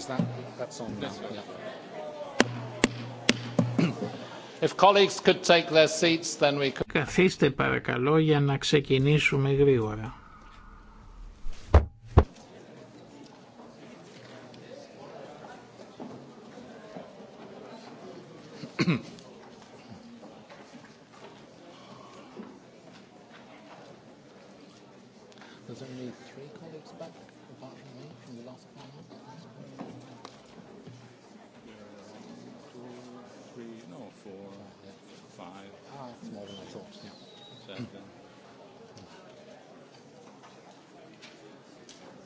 Is that that's on now? If colleagues could take their seats, then we could. Καθίστε παρακαλώ για να ξεκινήσουμε γρήγορα. There's only three colleagues back, apart from me, from the last panel. Two, three, no, four, five. Ah, it's more than I thought, yeah. Seven.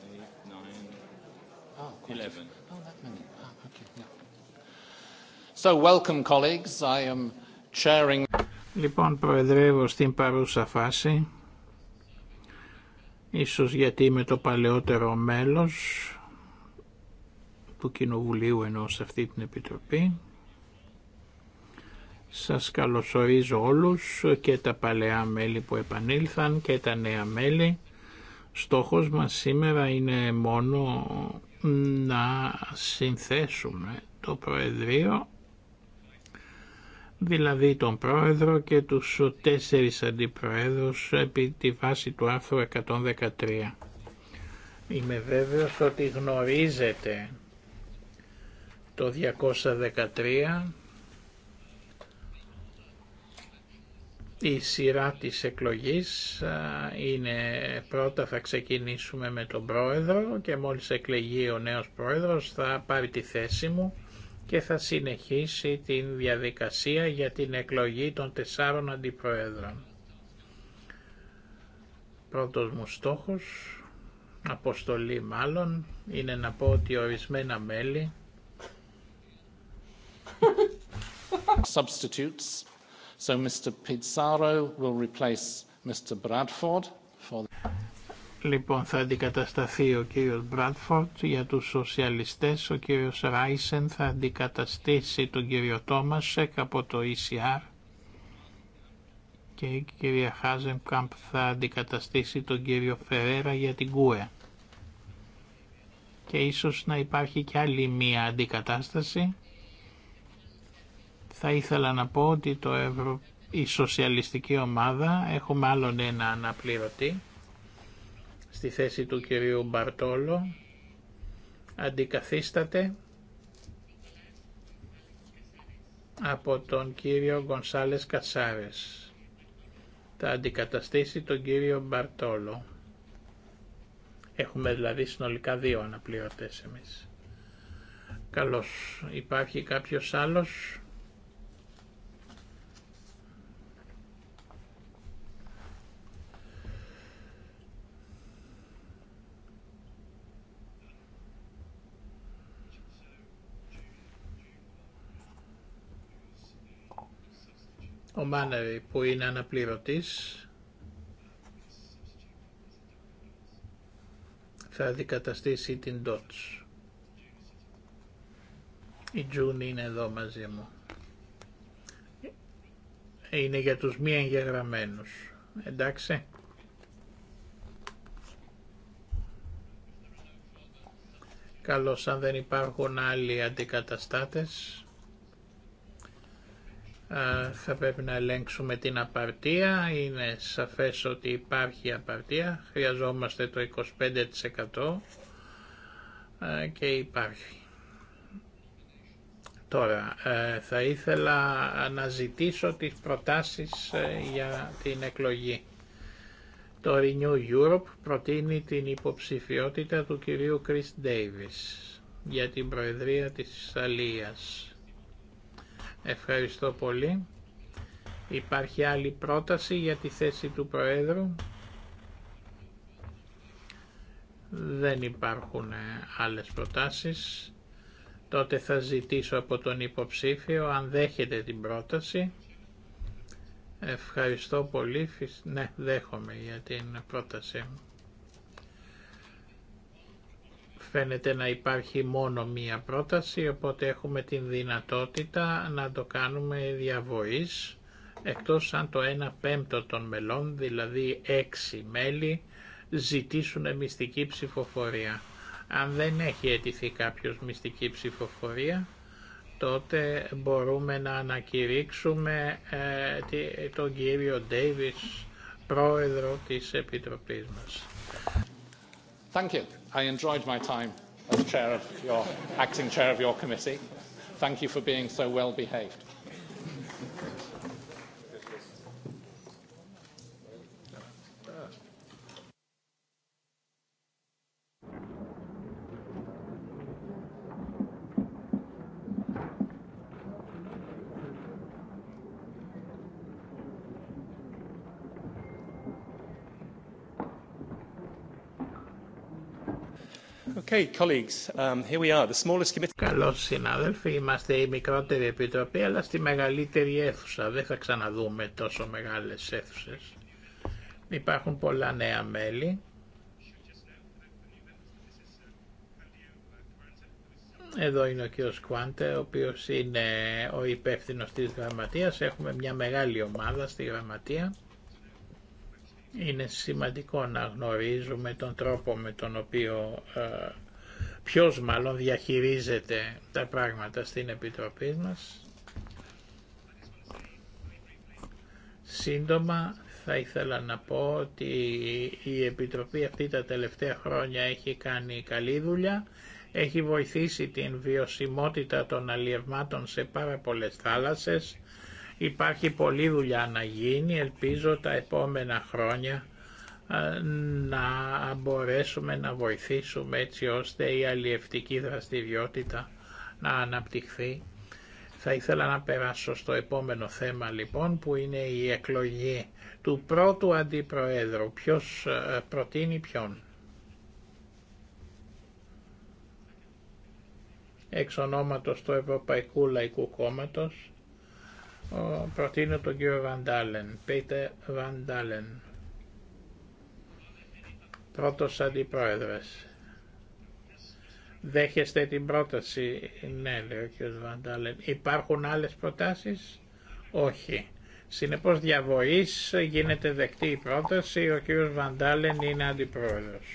Eight, oh, Oh, that many. Ah, So, welcome, colleagues. I am chairing. Λοιπόν, προεδρεύω στην παρούσα φάση Ίσως γιατί είμαι το παλαιότερο μέλος του Κοινοβουλίου ενώ σε αυτή την Επιτροπή. Σας καλωσορίζω όλους και τα παλαιά μέλη που επανήλθαν και τα νέα μέλη. Στόχος μας σήμερα είναι μόνο να συνθέσουμε το Προεδρείο δηλαδή τον πρόεδρο και τους τέσσερις αντιπροέδρους επί τη βάση του άρθρου 113. Είμαι βέβαιος ότι γνωρίζετε το 213 η σειρά της εκλογής είναι πρώτα θα ξεκινήσουμε με τον πρόεδρο και μόλις εκλεγεί ο νέος πρόεδρος θα πάρει τη θέση μου και θα συνεχίσει την διαδικασία για την εκλογή των τεσσάρων αντιπροέδρων. Πρώτος μου στόχος, αποστολή μάλλον, είναι να πω ότι ορισμένα μέλη Substitutes. So Mr. Pizarro will replace Mr. Bradford for Λοιπόν, θα αντικατασταθεί ο κύριος Μπράτφορτ, για τους σοσιαλιστές. Ο κύριος Ράισεν θα αντικαταστήσει τον κύριο Τόμασεκ από το ECR και η κυρία Χάζεμπκάμπ θα αντικαταστήσει τον κύριο Φερέρα για την ΚΟΕ. Και ίσως να υπάρχει και άλλη μία αντικατάσταση. Θα ήθελα να πω ότι το Ευρω... η σοσιαλιστική ομάδα έχουμε άλλον ένα αναπληρωτή στη θέση του κυρίου Μπαρτόλο αντικαθίσταται από τον κύριο Γκονσάλες Κατσάρες. Θα αντικαταστήσει τον κύριο Μπαρτόλο. Έχουμε δηλαδή συνολικά δύο αναπληρωτές εμείς. Καλώς. Υπάρχει κάποιος άλλος. Ο Μάνερη που είναι αναπληρωτής θα αντικαταστήσει την Dodge. Η Τζούν είναι εδώ μαζί μου. Είναι για τους μη εγγεγραμμένους. Εντάξει. Καλώς αν δεν υπάρχουν άλλοι αντικαταστάτες. Ε, θα πρέπει να ελέγξουμε την απαρτία. Είναι σαφές ότι υπάρχει απαρτία. Χρειαζόμαστε το 25% ε, και υπάρχει. Τώρα, ε, θα ήθελα να ζητήσω τις προτάσεις για την εκλογή. Το Renew Europe προτείνει την υποψηφιότητα του κυρίου Chris Davis για την Προεδρία της Αλίας. Ευχαριστώ πολύ. Υπάρχει άλλη πρόταση για τη θέση του Προέδρου. Δεν υπάρχουν ε, άλλες προτάσεις. Τότε θα ζητήσω από τον υποψήφιο αν δέχεται την πρόταση. Ευχαριστώ πολύ. Ναι, δέχομαι για την πρόταση φαίνεται να υπάρχει μόνο μία πρόταση, οπότε έχουμε την δυνατότητα να το κάνουμε διαβοής, εκτός αν το 1 πέμπτο των μελών, δηλαδή 6 μέλη, ζητήσουν μυστική ψηφοφορία. Αν δεν έχει αιτηθεί κάποιος μυστική ψηφοφορία, τότε μπορούμε να ανακηρύξουμε ε, τον κύριο Ντέιβις, πρόεδρο της Επιτροπής μας. I enjoyed my time as chair of your, acting chair of your committee. Thank you for being so well behaved. Um, Καλώς συνάδελφοι, είμαστε η μικρότερη επιτροπή, αλλά στη μεγαλύτερη αίθουσα. Δεν θα ξαναδούμε τόσο μεγάλες αίθουσε. Υπάρχουν πολλά νέα μέλη. Εδώ είναι ο κ. Κουάντε, ο οποίος είναι ο υπεύθυνος της γραμματείας. Έχουμε μια μεγάλη ομάδα στη γραμματεία. Είναι σημαντικό να γνωρίζουμε τον τρόπο με τον οποίο ε, ποιος μάλλον διαχειρίζεται τα πράγματα στην Επιτροπή μας. Σύντομα θα ήθελα να πω ότι η Επιτροπή αυτή τα τελευταία χρόνια έχει κάνει καλή δουλειά, έχει βοηθήσει την βιωσιμότητα των αλλιευμάτων σε πάρα πολλές θάλασσες, υπάρχει πολλή δουλειά να γίνει, ελπίζω τα επόμενα χρόνια ε, να μπορέσουμε να βοηθήσουμε έτσι ώστε η αλλιευτική δραστηριότητα να αναπτυχθεί. Θα ήθελα να περάσω στο επόμενο θέμα λοιπόν που είναι η εκλογή του πρώτου αντιπροέδρου. Ποιος ε, προτείνει ποιον. Εξ ονόματος του Ευρωπαϊκού Λαϊκού Κόμματος προτείνω τον κύριο Βαντάλεν, Πίτερ Βαντάλεν. Πρώτος αντιπρόεδρος. Δέχεστε την πρόταση, ναι λέει ο κ. Βαντάλεν. Υπάρχουν άλλες προτάσεις, όχι. Συνεπώς διαβοής γίνεται δεκτή η πρόταση, ο κ. Βαντάλεν είναι αντιπρόεδρος.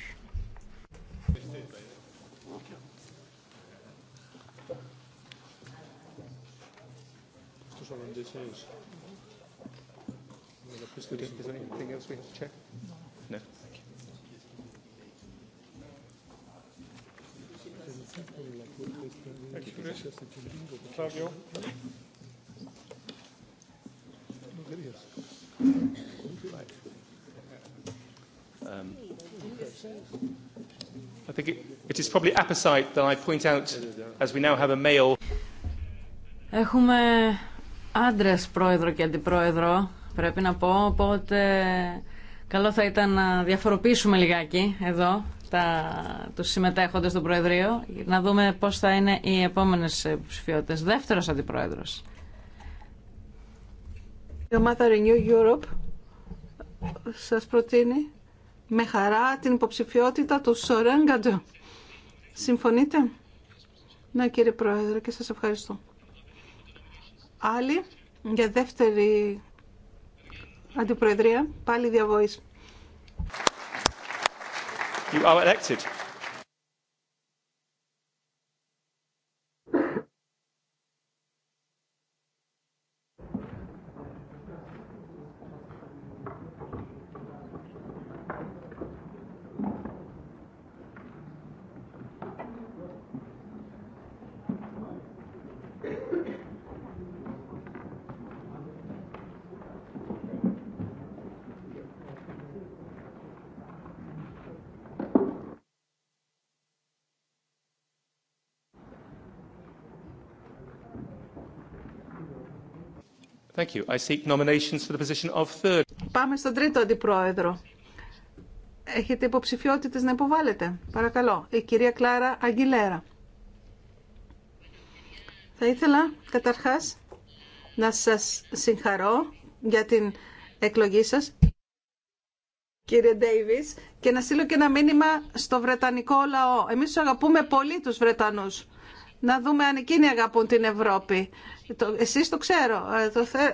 Fabio. Um, I think it, it is probably apposite that I point out, as we now have a male. Έχουμε άντρες πρόεδρο και αντιπρόεδρο, πρέπει να πω, οπότε καλό θα ήταν να διαφοροποιήσουμε λιγάκι εδώ τα, τους συμμετέχοντες στο Προεδρείο να δούμε πώς θα είναι οι επόμενες ψηφιότητες. Δεύτερος αντιπρόεδρος. Η ομάδα Renew Europe σας προτείνει με χαρά την υποψηφιότητα του Σορέν Γκαντζό. Συμφωνείτε? Ναι κύριε Πρόεδρε και σας ευχαριστώ. Άλλη για δεύτερη αντιπροεδρία, πάλι διαβόηση you are elected. Thank you. I seek nominations for the position of third. Πάμε στον τρίτο αντιπρόεδρο. Έχετε υποψηφιότητες να υποβάλλετε. Παρακαλώ. Η κυρία Κλάρα Αγγιλέρα. Θα ήθελα καταρχάς να σας συγχαρώ για την εκλογή σας, κύριε Ντέιβις, και να στείλω και ένα μήνυμα στο Βρετανικό λαό. Εμείς αγαπούμε πολύ τους Βρετανούς να δούμε αν εκείνοι αγαπούν την Ευρώπη. Το, εσείς το ξέρω.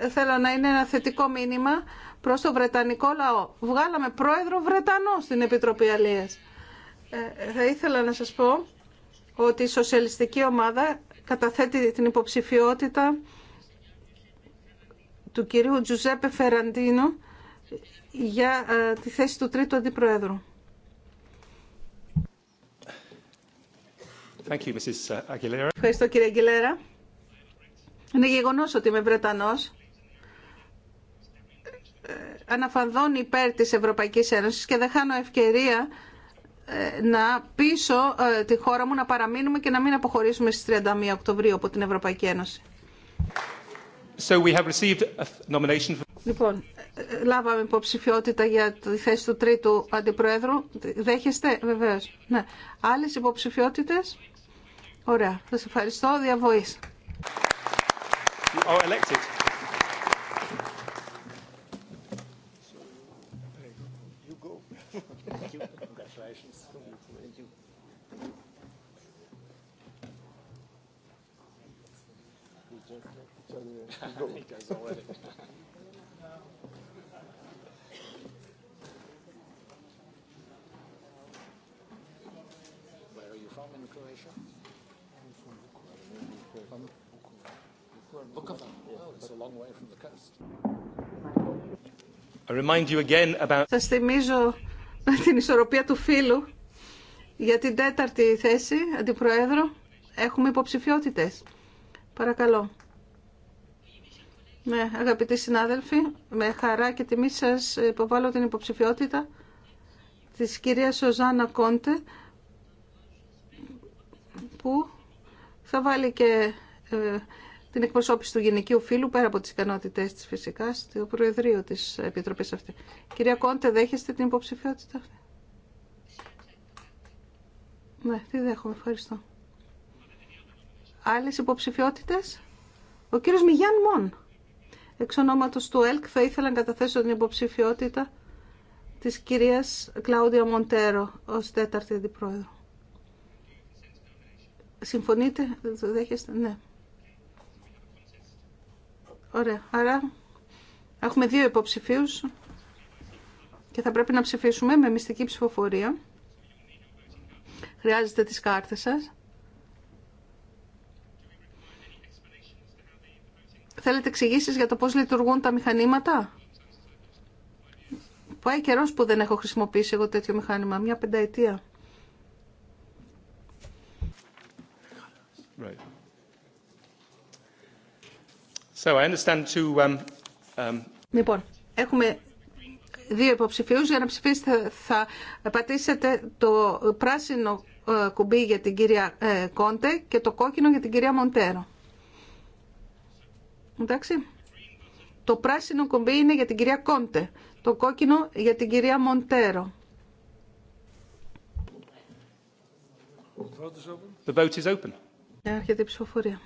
Ε, θέλω να είναι ένα θετικό μήνυμα προς το Βρετανικό λαό. Βγάλαμε πρόεδρο Βρετανό στην Επιτροπή Αλίας. Ε, θα ήθελα να σας πω ότι η σοσιαλιστική ομάδα καταθέτει την υποψηφιότητα του κυρίου Τζουζέπε Φεραντίνο για ε, τη θέση του τρίτου αντιπρόεδρου. Uh, Ευχαριστώ κύριε Αγγιλέρα. Είναι γεγονό ότι είμαι Βρετανός. Ε, Αναφανδών υπέρ τη Ευρωπαϊκή Ένωση και δεν χάνω ευκαιρία ε, να πείσω ε, τη χώρα μου να παραμείνουμε και να μην αποχωρήσουμε στις 31 Οκτωβρίου από την Ευρωπαϊκή Ένωση. So we have received a nomination Λοιπόν, λάβαμε υποψηφιότητα για τη θέση του τρίτου αντιπρόεδρου. Δέχεστε, βεβαίως. Ναι. Άλλες υποψηφιότητες. Ωραία. Σας ευχαριστώ. Διαβοής. You are elected. Where are you from in Croatia? Σα θυμίζω την ισορροπία του φίλου για την τέταρτη θέση αντιπροέδρου. Έχουμε υποψηφιότητε. Παρακαλώ. Ναι, αγαπητοί συνάδελφοι, με χαρά και τιμή σα υποβάλλω την υποψηφιότητα της κυρία Σοζάνα Κόντε που θα βάλει και ε, την εκπροσώπηση του γυναικείου φίλου πέρα από τις ικανότητές της φυσικά στο Προεδρείο της Επιτροπής αυτή. Κυρία Κόντε, δέχεστε την υποψηφιότητα αυτή. Ναι, τι δέχομαι, ευχαριστώ. Άλλες υποψηφιότητες. Ο κύριος Μιγιάν Μον. Εξ ονόματος του ΕΛΚ θα ήθελα να καταθέσω την υποψηφιότητα της κυρίας Κλάουδια Μοντέρο ως τέταρτη αντιπρόεδρο. Συμφωνείτε, δεν το δέχεστε, ναι. Ωραία, άρα έχουμε δύο υποψηφίους και θα πρέπει να ψηφίσουμε με μυστική ψηφοφορία. Χρειάζεστε τις κάρτες σας. Θέλετε εξηγήσει για το πώς λειτουργούν τα μηχανήματα. Πάει καιρός που δεν έχω χρησιμοποιήσει εγώ τέτοιο μηχάνημα, μια πενταετία. Right. So um, um, Λοιπόν, έχουμε δύο υποψηφίους. Για να ψηφίσετε θα πατήσετε το πράσινο ε, κουμπί για την κυρία ε, Κόντε και το κόκκινο για την κυρία Μοντέρο. Εντάξει. Το πράσινο κουμπί είναι για την κυρία Κόντε. Το κόκκινο για την κυρία Μοντέρο. vote is open. Έρχεται η ψηφοφορία.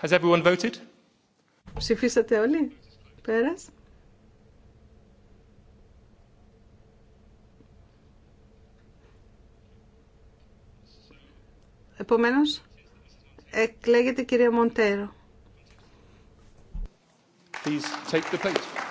Has everyone voted? Ψηφίσατε όλοι. Πέρας. Επομένως, εκλέγεται κυρία Μοντέρο. Please take the plate.